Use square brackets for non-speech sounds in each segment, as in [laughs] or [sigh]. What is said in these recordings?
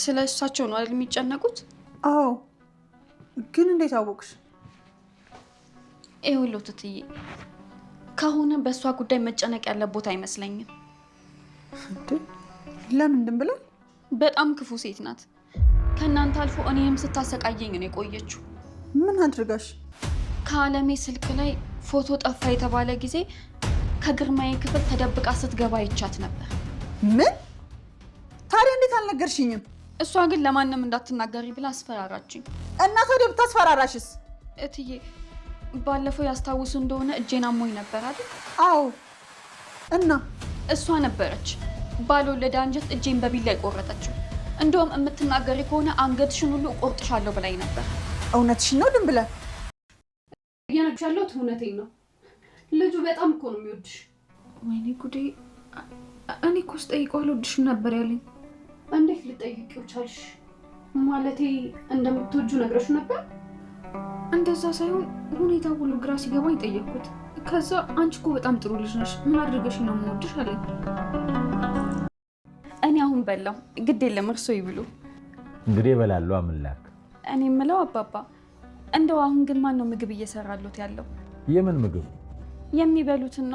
ስለ እሳቸው ነው አይደል የሚጨነቁት? አዎ። ግን እንዴት አወቅሽ? ይኸውልህ ትትዬ፣ ከሆነ በእሷ ጉዳይ መጨነቅ ያለቦት አይመስለኝም። ለምንድን ብለን? በጣም ክፉ ሴት ናት። ከእናንተ አልፎ እኔንም ስታሰቃየኝ ነው የቆየችው። ምን አድርጋሽ? ከአለሜ ስልክ ላይ ፎቶ ጠፋ የተባለ ጊዜ ከግርማዬ ክፍል ተደብቃ ስትገባ ይቻት ነበር። ምን ታዲያ እንዴት አልነገርሽኝም? እሷ ግን ለማንም እንዳትናገሪ ብላ አስፈራራችኝ። እና ታዲያ ብታስፈራራሽስ? እትዬ ባለፈው ያስታውሱ እንደሆነ እጄን አሞኝ ነበር አይደል? አዎ። እና እሷ ነበረች ባልወለደ አንጀት እጄን በቢላ ቆረጠችው። እንደውም የምትናገሪ ከሆነ አንገትሽን ሁሉ እቆርጥሻለሁ ብላኝ ነበር። እውነትሽን ነው ድን ብለ ብለን እየነግሻለሁ። እውነቴን ነው። ልጁ በጣም እኮ ነው የሚወድሽ። ወይኔ ጉዴ! እኔ እኮ ስጠይቀው አልወድሽም ነበር ያለኝ እንዴት ልጠይቂው ቻልሽ? ማለቴ እንደምትወጁ ነግረሹ ነበር? እንደዛ ሳይሆን ሁኔታ ሁሉ ግራ ሲገባኝ ጠየቅኩት። ከዛ አንቺ እኮ በጣም ጥሩ ልጅ ነሽ፣ ምን አድርገሽ ነው የምወድሽ አለኝ። እኔ አሁን በላው፣ ግድ የለም እርሶ ይብሉ። እንግዲህ እበላለሁ። አምላክ እኔ የምለው አባባ፣ እንደው አሁን ግን ማን ነው ምግብ እየሰራሉት ያለው? የምን ምግብ? የሚበሉትና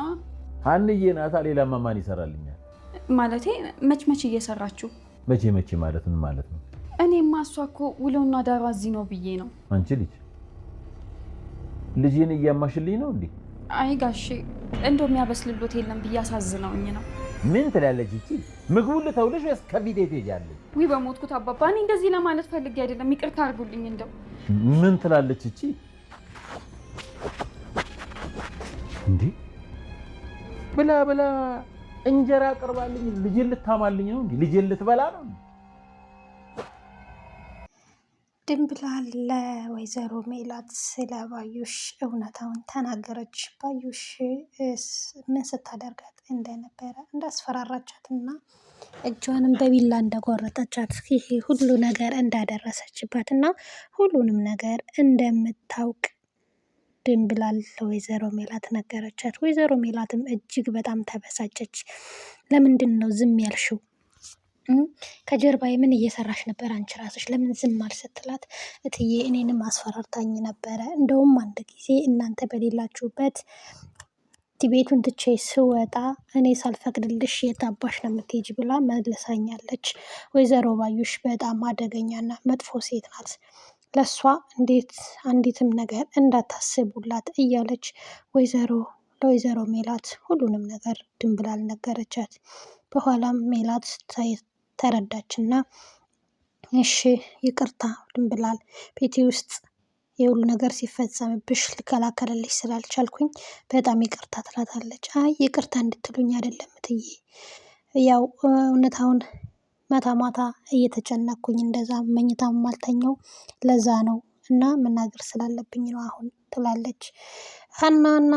አንዬ ናታ። ሌላማ ማን ይሰራልኛል? ማለቴ መች መች እየሰራችሁ መቼ መቼ ማለት ምን ማለት ነው? እኔማ እሷ እኮ ውለውና ዳሯ እዚህ ነው ብዬ ነው። አንቺ ልጅ ልጅን እያማሽልኝ ነው እንዴ? አይ ጋሼ እንደው የሚያበስልሎት የለም ብዬ አሳዝነውኝ ነው። ምን ትላለች እቺ? ምግቡን ልተውልሽ ወይስ ከቪዲዮ ትሄጃለሽ? ወይ በሞትኩት አባባ፣ እኔ እንደዚህ ለማለት ፈልጌ አይደለም። ይቅርታ አድርጉልኝ። እንደው ምን ትላለች እቺ? እንዴ ብላ ብላ እንጀራ አቅርባልኝ ልጅ ልታማልኝ ነው? ልጅ ልትበላ ነው? ድንብላል ለወይዘሮ ሜላት ስለ ባዩሽ እውነታውን ተናገረች። ባዩሽ ምን ስታደርጋት እንደነበረ እንዳስፈራራቻት እና እጇንም በቢላ እንደቆረጠቻት ይሄ ሁሉ ነገር እንዳደረሰችባት እና ሁሉንም ነገር እንደምታውቅ ድንብላል ለወይዘሮ ሜላት ነገረቻት። ወይዘሮ ሜላትም እጅግ በጣም ተበሳጨች። ለምንድን ነው ዝም ያልሽው? ከጀርባዬ ምን እየሰራሽ ነበር? አንቺ ራስሽ ለምን ዝም አልስትላት? እትዬ እኔንም አስፈራርታኝ ነበረ። እንደውም አንድ ጊዜ እናንተ በሌላችሁበት ቤቱን ትቼ ስወጣ እኔ ሳልፈቅድልሽ የታባሽ ነው የምትሄጂ ብላ መልሳኛለች። ወይዘሮ ባዩሽ በጣም አደገኛና መጥፎ ሴት ናት። ለእሷ እንዴት አንዲትም ነገር እንዳታስቡላት እያለች ወይዘሮ ለወይዘሮ ሜላት ሁሉንም ነገር ድንብላል ነገረቻት። በኋላም ሜላት ተረዳችና እሺ ይቅርታ ድንብላል ቤቴ ውስጥ የሁሉ ነገር ሲፈጸምብሽ ልከላከልልሽ ስላልቻልኩኝ በጣም ይቅርታ ትላታለች። አይ ይቅርታ እንድትሉኝ አይደለም ያው እውነታውን ማታ ማታ እየተጨነኩኝ እንደዛ መኝታ ማልተኛው ለዛ ነው እና መናገር ስላለብኝ ነው አሁን ትላለች። ሀናና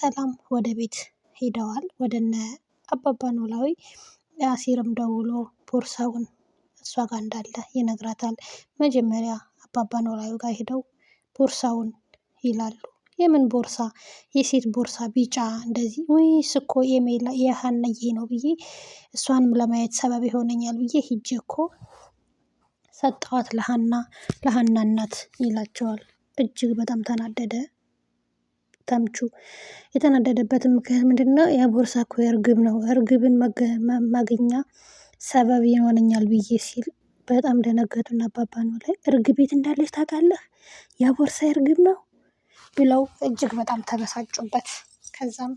ሰላም ወደ ቤት ሄደዋል ወደ እነ አባባ ኖላዊ። አሲርም ደውሎ ቦርሳውን እሷ ጋር እንዳለ ይነግራታል። መጀመሪያ አባባ ኖላዊ ጋር ሄደው ቦርሳውን ይላሉ የምን ቦርሳ የሴት ቦርሳ ቢጫ እንደዚህ ወይስ እኮ የሜላ የሀናዬ ነው ብዬ እሷንም ለማየት ሰበብ ይሆነኛል ብዬ ሂጄ እኮ ሰጠዋት ለሀና ለሀና እናት ይላቸዋል። እጅግ በጣም ተናደደ። ተምቹ የተናደደበት ምክንያት ምንድን ነው? የቦርሳ እኮ የእርግብ ነው እርግብን ማግኛ ሰበብ ይሆነኛል ብዬ ሲል በጣም ደነገጡና አባባ ነው ላይ እርግብ እንዳለች ታውቃለህ? ያ ቦርሳ የእርግብ ነው ብለው እጅግ በጣም ተበሳጩበት። ከዛም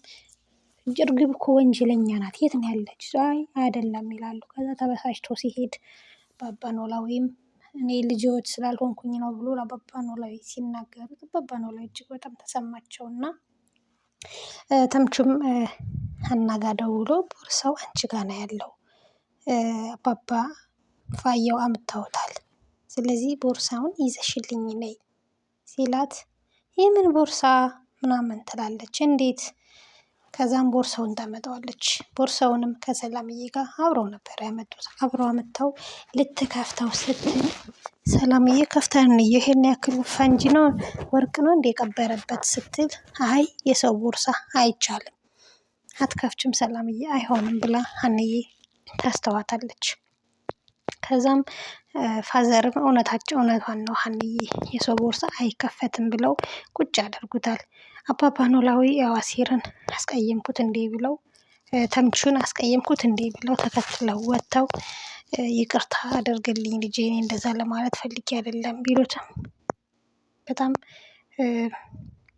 እርግብ እኮ ወንጀለኛ ናት፣ የት ነው ያለች? አይ አይደለም ይላሉ። ከዛ ተበሳጭቶ ሲሄድ አባባ ኖላዊም እኔ ልጆች ስላልሆንኩኝ ነው ብሎ ለአባባ ኖላዊ ሲናገሩት አባባ ኖላዊ እጅግ በጣም ተሰማቸው እና ተምቹም ሀናጋ ደውሎ ቦርሳው አንቺ ጋ ነው ያለው አባባ ፋየው አምታውታል፣ ስለዚህ ቦርሳውን ይዘሽልኝ ነይ ሲላት የምን ቦርሳ ምናምን ትላለች እንዴት ከዛም ቦርሳውን ታመጣዋለች። ቦርሳውንም ከሰላምዬ ጋር አብረው ነበር ያመጡት። አብረው አመጥተው ልትከፍተው ስትል ሰላምዬ ከፍተን ይህን ያክል ፈንጂ ነው ወርቅ ነው እንደ የቀበረበት ስትል፣ አይ የሰው ቦርሳ አይቻልም፣ አትከፍችም ሰላምዬ፣ አይሆንም ብላ ሀንዬ ታስተዋታለች። ከዛም ፋዘርም እውነታቸው እውነቷን ነው ሀንዬ የሰው ቦርሳ አይከፈትም ብለው ቁጭ ያደርጉታል። አባባ ኖላዊ ያው አስቀየምኩት እንዴ ብለው ተምቹን አስቀየምኩት እንዴ ብለው ተከትለው ወጥተው ይቅርታ አድርግልኝ ልጄ እኔ እንደዛ ለማለት ፈልጌ አይደለም ቢሉትም በጣም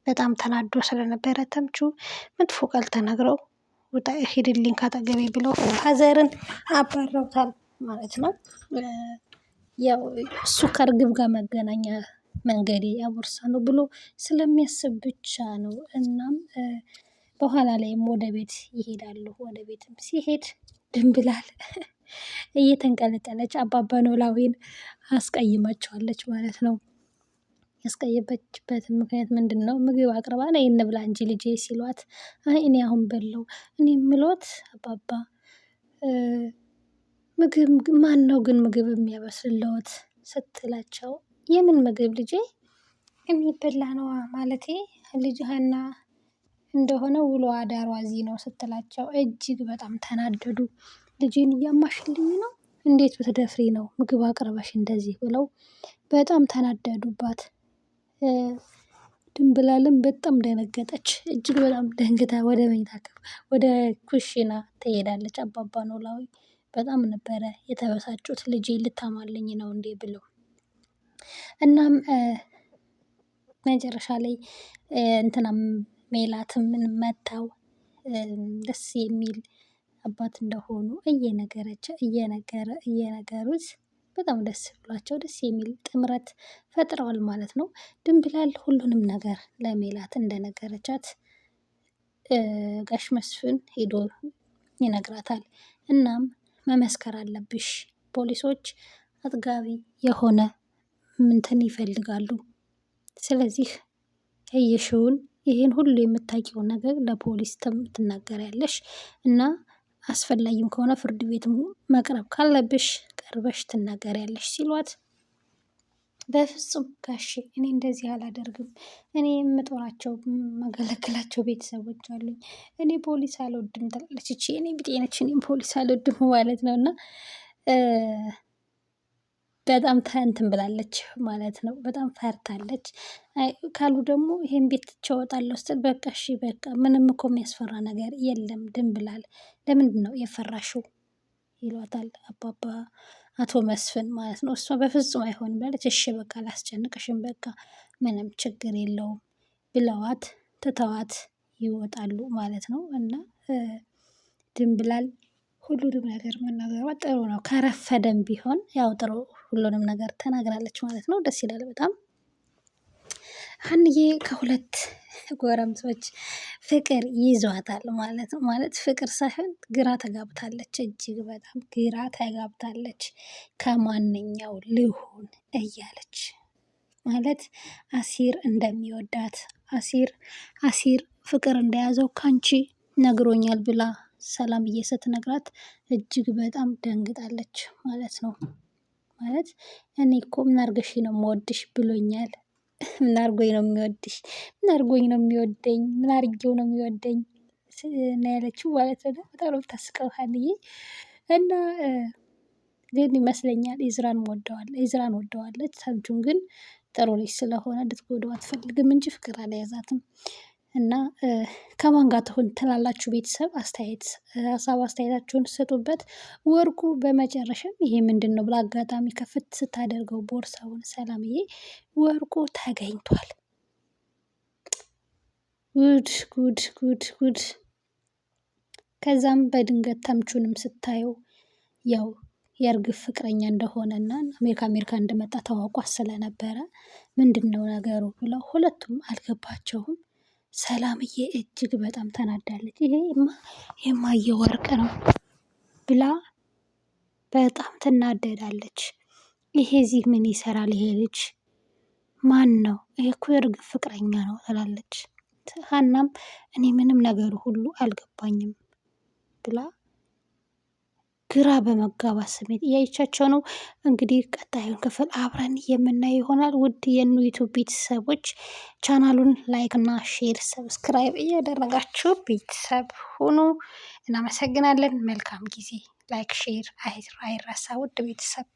በጣም ተናዶ ስለነበረ ተምቹ መጥፎ ቃል ተናግረው ሂድልኝ ካጠገቤ ብለው ፋዘርን አባረውታል። ማለት ነው። ያው እሱ ከእርግብ ጋር መገናኛ መንገዴ ያቦርሳ ነው ብሎ ስለሚያስብ ብቻ ነው። እናም በኋላ ላይም ወደ ቤት ይሄዳሉ። ወደ ቤትም ሲሄድ ድንብላል [laughs] እየተንቀለቀለች አባባ ኖላዊን አስቀይማቸዋለች ማለት ነው። ያስቀየመችበት ምክንያት ምንድን ነው? ምግብ አቅርባ ነይ እንብላ እንጂ ልጄ ሲሏት፣ አይ እኔ አሁን በለው እኔ ምሎት አባባ ምግብ ማን ነው ግን ምግብ የሚያበስልዎት ስትላቸው የምን ምግብ ልጄ የሚበላ ነዋ ማለቴ ልጅ ሀና እንደሆነ ውሎ አዳሯ እዚህ ነው ስትላቸው እጅግ በጣም ተናደዱ። ልጄን እያማሽልኝ ነው እንዴት ብትደፍሪ ነው ምግብ አቅርበሽ እንደዚህ ብለው በጣም ተናደዱባት። ድንብላልም በጣም ደነገጠች እጅግ በጣም ደንግታ ወደ መኝታ ወደ ኩሽና ትሄዳለች። አባባ ኖላዊ በጣም ነበረ የተበሳጩት ልጄ ልታማልኝ ነው እንዴ ብለው። እናም መጨረሻ ላይ እንትናም ሜላትም መታው ደስ የሚል አባት እንደሆኑ እየነገረች እየነገረ እየነገሩት በጣም ደስ ብሏቸው ደስ የሚል ጥምረት ፈጥረዋል ማለት ነው። ድንብላል ሁሉንም ነገር ለሜላት እንደነገረቻት ጋሽ መስፍን ሄዶ ይነግራታል። እናም መመስከር አለብሽ። ፖሊሶች አጥጋቢ የሆነ ምንትን ይፈልጋሉ። ስለዚህ እየሽውን ይህን ሁሉ የምታውቂውን ነገር ለፖሊስ ትናገሪያለሽ እና አስፈላጊም ከሆነ ፍርድ ቤት መቅረብ ካለብሽ ቀርበሽ ትናገሪያለሽ ሲሏት በፍጹም ጋሼ እኔ እንደዚህ አላደርግም። እኔ የምጦራቸው የማገለግላቸው ቤተሰቦች አሉኝ። እኔ ፖሊስ አልወድም ትላለች እቺ እኔ ብጤነች እኔም ፖሊስ አልወድም ማለት ነው እና በጣም እንትን ብላለች ማለት ነው። በጣም ፈርታለች። ካሉ ደግሞ ይሄን ቤት ትቸወጣለሁ ስትል በቃ እሺ በቃ ምንም እኮ የሚያስፈራ ነገር የለም ድንብላል። ለምንድን ነው የፈራሽው? ይሏታል አባባ አቶ መስፍን ማለት ነው። እሷ በፍጹም አይሆንም ብላለች። እሺ በቃ ላስጨንቅሽም፣ በቃ ምንም ችግር የለውም ብለዋት ትተዋት ይወጣሉ ማለት ነው። እና ድንብላል ሁሉንም ነገር መናገሯ ጥሩ ነው። ከረፈደም ቢሆን ያው ጥሩ ሁሉንም ነገር ተናግራለች ማለት ነው። ደስ ይላል በጣም። ሀንዬ ከሁለት ጎረምሶች ፍቅር ይዟታል ማለት ነው። ማለት ፍቅር ሳይሆን ግራ ተጋብታለች፣ እጅግ በጣም ግራ ተጋብታለች። ከማንኛው ልሁን እያለች ማለት አሲር እንደሚወዳት አሲር አሲር ፍቅር እንደያዘው ካንቺ ነግሮኛል ብላ እየሰት ነግራት እጅግ በጣም ደንግጣለች ማለት ነው። ማለት እኔ እኮ ምን ነው የምወድሽ ብሎኛል ምን አርጎኝ ነው የሚወድሽ? ምን አርጎኝ ነው የሚወደኝ? ምን አርጌው ነው የሚወደኝ? ነው ያለችው ማለት ነው። በጣም ነው የምታስቀው ሀንዬ እና ግን ይመስለኛል ኢዝራን ወደዋል ኢዝራን ወደዋለች። ሳምቹን ግን ጥሩ ልጅ ስለሆነ ልትጎዳው አትፈልግም እንጂ ፍቅር አልያዛትም። እና ከማን ጋር ትሁን ትላላችሁ? ቤተሰብ አስተያየት ሀሳብ አስተያየታችሁን ስጡበት። ወርቁ በመጨረሻም ይሄ ምንድን ነው ብላ አጋጣሚ ከፍት ስታደርገው ቦርሳውን ሰላምዬ ወርቁ ተገኝቷል። ጉድ ጉድ ጉድ ጉድ። ከዛም በድንገት ተምቹንም ስታየው ያው የእርግብ ፍቅረኛ እንደሆነና አሜሪካ አሜሪካ እንደመጣ ተዋውቋ ስለነበረ ምንድን ነው ነገሩ ብለው ሁለቱም አልገባቸውም። ሰላምዬ እጅግ በጣም ተናዳለች። ይሄማ የማየ ወርቅ ነው ብላ በጣም ትናደዳለች። ይሄ እዚህ ምን ይሰራል? ይሄ ልጅ ማን ነው? ይሄ እኮ የእርግብ ፍቅረኛ ነው ትላለች። ሀናም እኔ ምንም ነገሩ ሁሉ አልገባኝም ብላ ግራ በመጋባት ስሜት እያየቻቸው ነው። እንግዲህ ቀጣዩን ክፍል አብረን የምናየው ይሆናል። ውድ የኑ ዩቱብ ቤተሰቦች ቻናሉን ላይክ እና ሼር፣ ሰብስክራይብ እያደረጋችሁ ቤተሰብ ሁኑ። እናመሰግናለን። መልካም ጊዜ። ላይክ ሼር አይረሳ ውድ ቤተሰብ